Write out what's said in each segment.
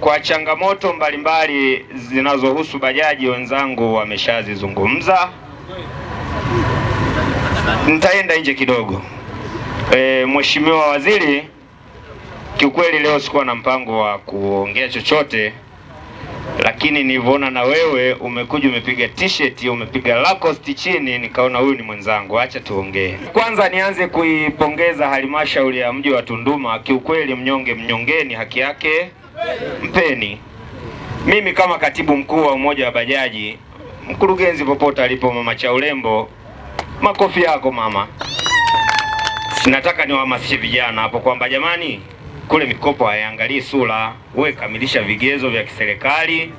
Kwa changamoto mbalimbali zinazohusu bajaji, wenzangu wameshazizungumza. Nitaenda nje kidogo. E, Mheshimiwa Waziri, kiukweli leo sikuwa na mpango wa kuongea chochote, lakini nilivyoona na wewe umekuja umepiga t-shirt, umepiga Lacoste chini, nikaona huyu ni mwenzangu, acha tuongee. Kwanza nianze kuipongeza halmashauri ya mji wa Tunduma, kiukweli mnyonge mnyongeni haki yake mpeni. Mimi kama katibu mkuu wa umoja wa bajaji, mkurugenzi popote alipo, mama cha urembo, makofi yako mama. Sinataka niwahamasishe vijana hapo kwamba jamani, kule mikopo haiangalii sura, wewe kamilisha vigezo vya kiserikali,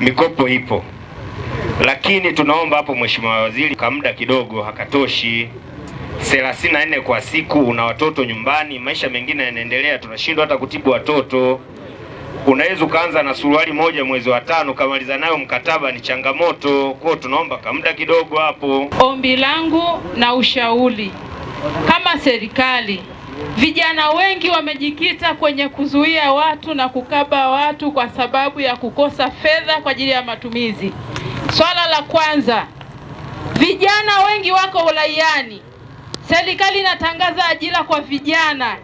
mikopo ipo, lakini tunaomba hapo, mheshimiwa waziri, muda kidogo hakatoshi thelathini na nne kwa siku, una watoto nyumbani, maisha mengine yanaendelea, tunashindwa hata kutibu watoto unaweza ukaanza na suruali moja mwezi wa tano ukamaliza nayo mkataba, ni changamoto kwao. Tunaomba kamda kidogo hapo. Ombi langu na ushauri kama serikali, vijana wengi wamejikita kwenye kuzuia watu na kukaba watu kwa sababu ya kukosa fedha kwa ajili ya matumizi. Swala la kwanza, vijana wengi wako ulaiani. Serikali inatangaza ajira kwa vijana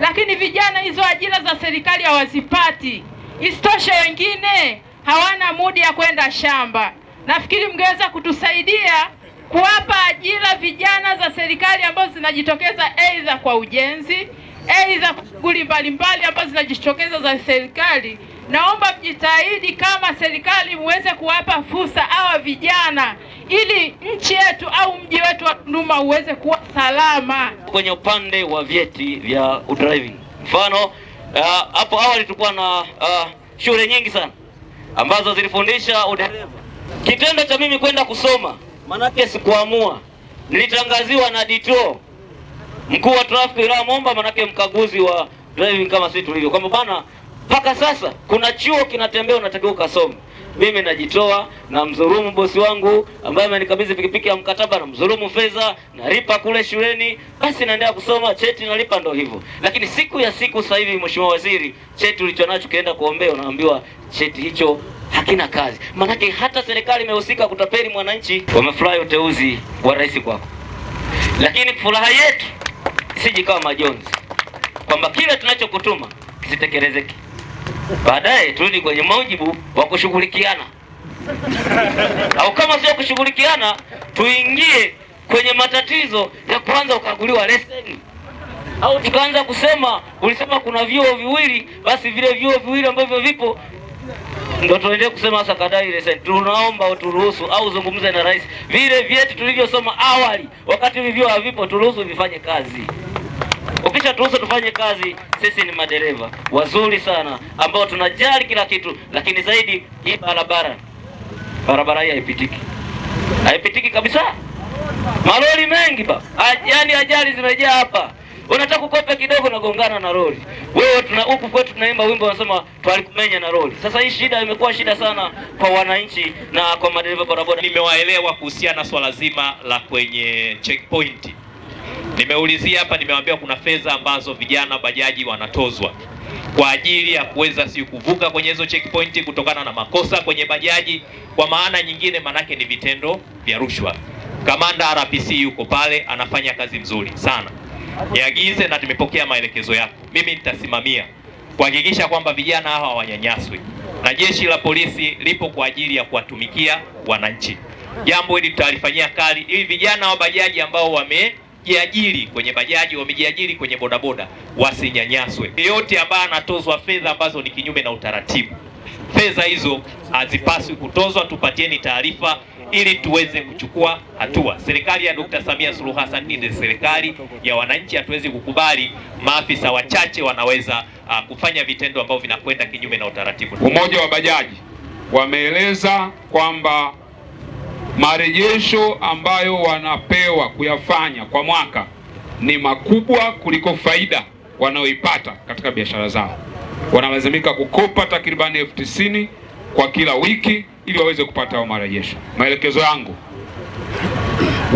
lakini vijana hizo ajira za serikali hawazipati. Isitoshe, wengine hawana mudi ya kwenda shamba. Nafikiri mngeweza kutusaidia kuwapa ajira vijana za serikali ambazo zinajitokeza aidha kwa ujenzi, aidha shughuli mbalimbali ambazo zinajitokeza za serikali naomba mjitahidi kama serikali muweze kuwapa fursa hawa vijana ili nchi yetu au mji wetu wa Tunduma uweze kuwa salama. Kwenye upande wa vyeti vya driving, mfano uh, hapo uh, awali tulikuwa na uh, shule nyingi sana ambazo zilifundisha udereva. Kitendo cha mimi kwenda kusoma, manake sikuamua, nilitangaziwa na dito mkuu wa trafiki Momba, manake mkaguzi wa driving kama sisi tulivyo, kwamba bana mpaka sasa kuna chuo kinatembea, unatakiwa ukasome. Mimi najitoa na mzurumu bosi wangu ambaye amenikabidhi pikipiki ya mkataba, na mdhurumu fedha, nalipa kule shuleni, basi naendelea kusoma, cheti na lipa, ndo hivyo. Lakini siku ya siku, sasa hivi, mheshimiwa waziri, cheti ulicho nacho kienda kuombea, unaambiwa cheti hicho hakina kazi. Maanake hata serikali imehusika kutapeli mwananchi. Wamefurahi uteuzi wa rais kwako, lakini furaha yetu siji kama majonzi kwamba kile tunachokutuma kisitekelezeke baadaye turudi kwenye mujibu wa kushughulikiana au kama sio kushughulikiana, tuingie kwenye matatizo ya kwanza, ukaguliwa leseni au tukaanza kusema, ulisema kuna vyuo viwili, basi vile vyuo viwili ambavyo vipo ndio tuendelee kusema sasa, kadai leseni. Tunaomba uturuhusu au zungumze na rais, vile vyetu tulivyosoma awali, wakati hivi vyuo havipo, turuhusu vifanye kazi ukisha Ukishaturuhusu tufanye kazi, sisi ni madereva wazuri sana ambao tunajali kila kitu, lakini zaidi hii barabara, barabara hii haipitiki, haipitiki kabisa. Malori mengi ba yaani, ajali zimejaa hapa. Unataka kukopa kidogo, nagongana na lori. Wewe tuna huku kwetu tunaimba wimbo wanasema twalikumenya na lori. Sasa hii shida imekuwa shida sana kwa wananchi na kwa madereva bodaboda. Nimewaelewa kuhusiana na swala zima la kwenye checkpoint. Nimeulizia hapa, nimewambia kuna fedha ambazo vijana bajaji wanatozwa kwa ajili ya kuweza si kuvuka kwenye hizo checkpoint kutokana na makosa kwenye bajaji. Kwa maana nyingine, manake ni vitendo vya rushwa. Kamanda RPC yuko pale anafanya kazi nzuri sana, niagize na tumepokea maelekezo yako, mimi nitasimamia kuhakikisha kwamba vijana hawa hawanyanyaswi, na jeshi la polisi lipo kwa ajili ya kuwatumikia wananchi. Jambo hili tutalifanyia kali ili vijana wa bajaji ambao wame wamejiajiri kwenye bajaji, wamejiajiri kwenye bodaboda wasinyanyaswe. Yeyote ambaye anatozwa fedha ambazo ni kinyume na utaratibu, fedha hizo hazipaswi kutozwa. Tupatieni taarifa ili tuweze kuchukua hatua. Serikali ya Dr. Samia Suluhu Hassan ni serikali ya wananchi. Hatuwezi kukubali maafisa wachache wanaweza uh, kufanya vitendo ambavyo vinakwenda kinyume na utaratibu. Umoja wa bajaji wameeleza kwamba marejesho ambayo wanapewa kuyafanya kwa mwaka ni makubwa kuliko faida wanayoipata katika biashara zao. Wanalazimika kukopa takribani elfu tisini kwa kila wiki ili waweze kupata hayo marejesho. Maelekezo yangu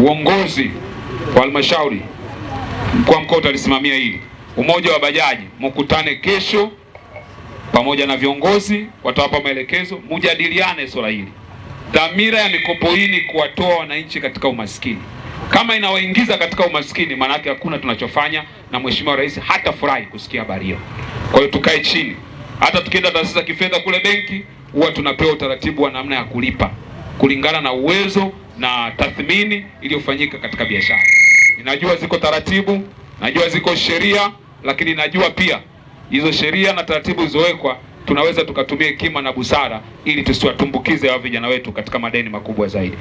uongozi wa halmashauri, mkuu wa mkoa utalisimamia hili. Umoja wa bajaji, mkutane kesho pamoja na viongozi, watawapa maelekezo, mujadiliane swala hili. Dhamira ya mikopo hii ni kuwatoa wananchi katika umaskini. Kama inawaingiza katika umaskini, maana yake hakuna tunachofanya, na mheshimiwa rais furahi kusikia habari hiyo. Kwa hiyo tukae chini, hata tukienda taasisi za kifedha kule benki, huwa tunapewa utaratibu wa namna ya kulipa kulingana na uwezo na tathmini iliyofanyika katika biashara. Ninajua ziko taratibu, najua ziko sheria, lakini najua pia hizo sheria na taratibu zilizowekwa tunaweza tukatumia hekima na busara ili tusiwatumbukize hao vijana wetu katika madeni makubwa zaidi.